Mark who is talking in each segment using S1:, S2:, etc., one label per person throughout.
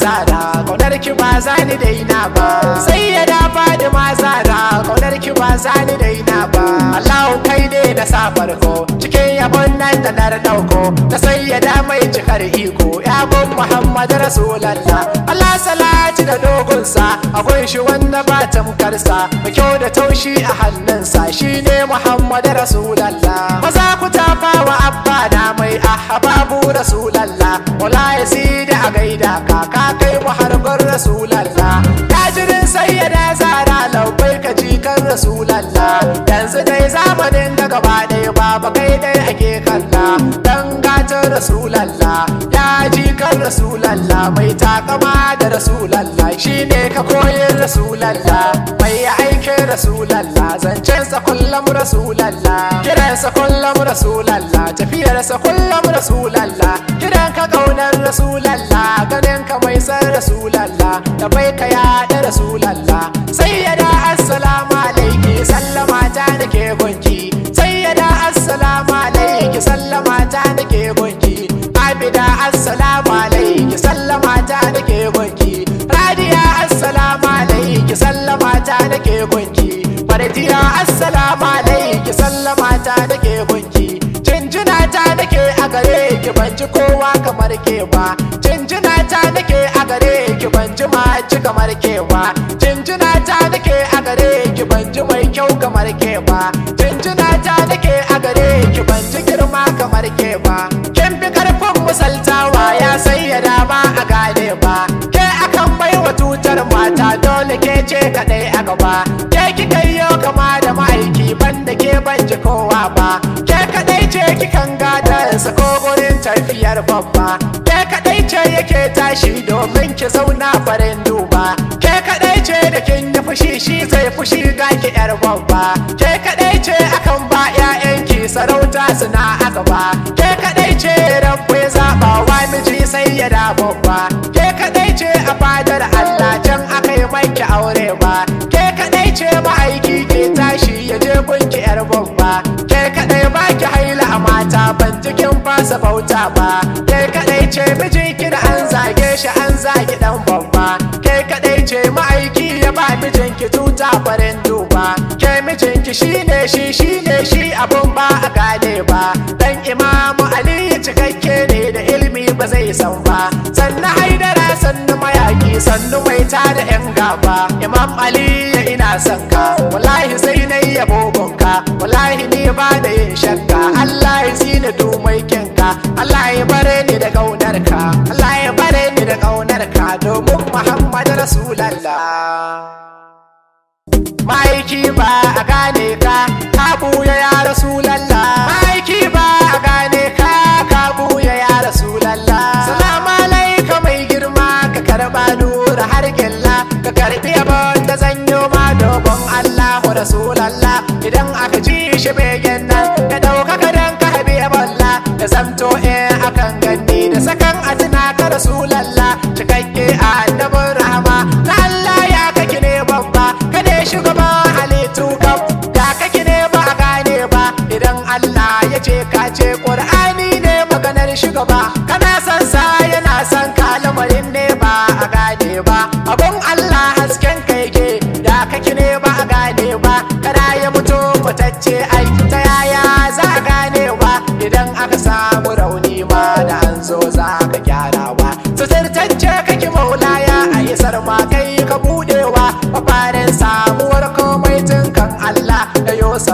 S1: mazara kaunar ki ba zani da ina ba sai ya da fadi mazara kaunar ki ba zani da ina ba Allahu kai ne na sa farko cikin yabon nan da na dauko na sai ya da mai cikar iko ya bon Muhammad rasulullah Allah salati da dogonsa akwai shi wanda ba mukarsa da kyau da taushi a hannunsa shine Muhammad rasulullah maza ku fa wa abba da rasulallah tajirin da zara labbai ka cikan rasulalla yanzu dai zamanin da gaba ɗaya baba kai dai ake kalla dan gatan rasulalla ya jikan rasulallah mai takama da rasulallah shine ka koyin rasulallah ya aike rasulallah zancensa kullum rasulallah kiransa kullum rasulallah tafiyarsa kullum rasulallah kiran ka kaunar rasulallah ganin ka mai san rasulallah da bai ka yaɗa rasulallah sai ya da assalamu alaiki sallama ta nake ke sai ya da assalamu alaiki sallama ta nake ke abida assalamu ke assala farjiya assalamu alaiki sallama ta da ke cinjina jinjina ta da a gare ki ban kowa kamar ke ba jinjina ta da a gare ki ban ji ci kamar ke ba jinjina ta da a gare ki ban mai kyau kamar ke ba jinjina ta da a gare ki ban girma kamar ke ba kin bi karfin musaltawa ya sayyada ba a gane ba ke akan baiwa tutar mata dole ke ce kadai a gaba kansa ko gurin tafiyar babba ke kadai ce yake tashi domin ki zauna farin duba ke kadai ce da kin yi fushi shi zai fushi ga ki yar babba ke kadai ce akan ba 'ya'yanki sarauta suna agaba ke kadai ce zaba wa miji sai ya da babba ke kadai ce a fadar Allah bauta ba kai kadai ce miji kina an zage shi an zage dan babba kai kadai ce ma'aiki ya ba mijin ki tuta farin duba kai mijin ki shine shi shine shi abun ba a gane ba dan imamu ali cikakke ne da ilimi ba zai san ba sannu haidara sannu mayaki sannu mai tada yan gaba imam ali ya ina son ka wallahi sai na yi ka wallahi ni ba da yin shakka Allah ya zina dumai Allah ya bare ni da ƙaunarka Allah ya bare ni da ƙaunarka domin Muhammad Rasulallah Ma'aiki ba a gane ka ka buya ya Rasulallah Ma'aiki ba a gane ka ka buya ya Rasulallah Salamu alaika mai girma ka karba nura har gilla ka karbi abin da zanyo ma dogon Allah Rasulallah idan aka ji shi begen nan kai shugaba halittu kam da kake ne ba a gane ba idan Allah ya ce ka ce ne maganar shugaba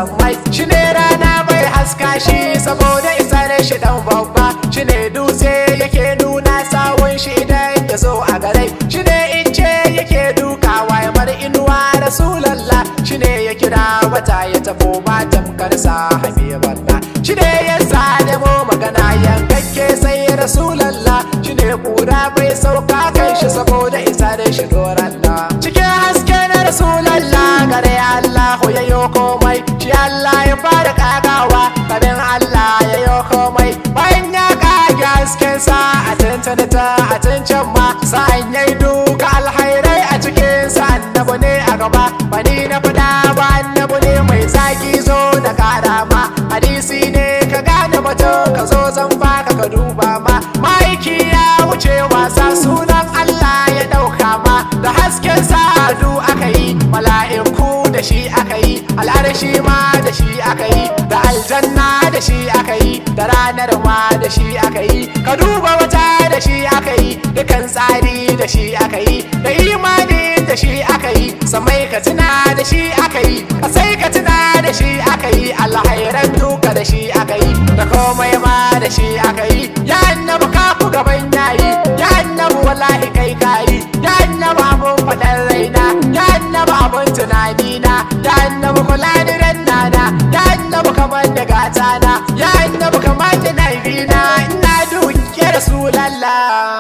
S1: sammai shi ne rana mai haska shi saboda isar shi dan babba shi ne dutse yake nuna sawun shi idan ya zo a garai shi ne ice yake dukawa ya bar inuwa rasulallah shi ne ya kira wata ya tafo ba tamkar sa habiballah shi ne ya sa magana yankakke sai rasulallah shi ne kura bai sauka komai bayan ya kage hasken sa a tantana ta a tantan ma sa'an yayi duka alhairai a cikin sa annabu ne a gaba bani na fada ba annabu ne mai zaki aka yi da imani da shi aka yi samai ka tuna da shi aka yi ka tuna da shi aka yi alhairan duka da shi aka da komai ma da shi aka yi ya annabu kafu gaban yayi ya annabu wallahi kai kayi ya annabu abun faɗan raina ya annabu abun tunani na ya annabu kula da nana ya annabu kamar da gata na ya annabu kamar da na ina duke rasulallah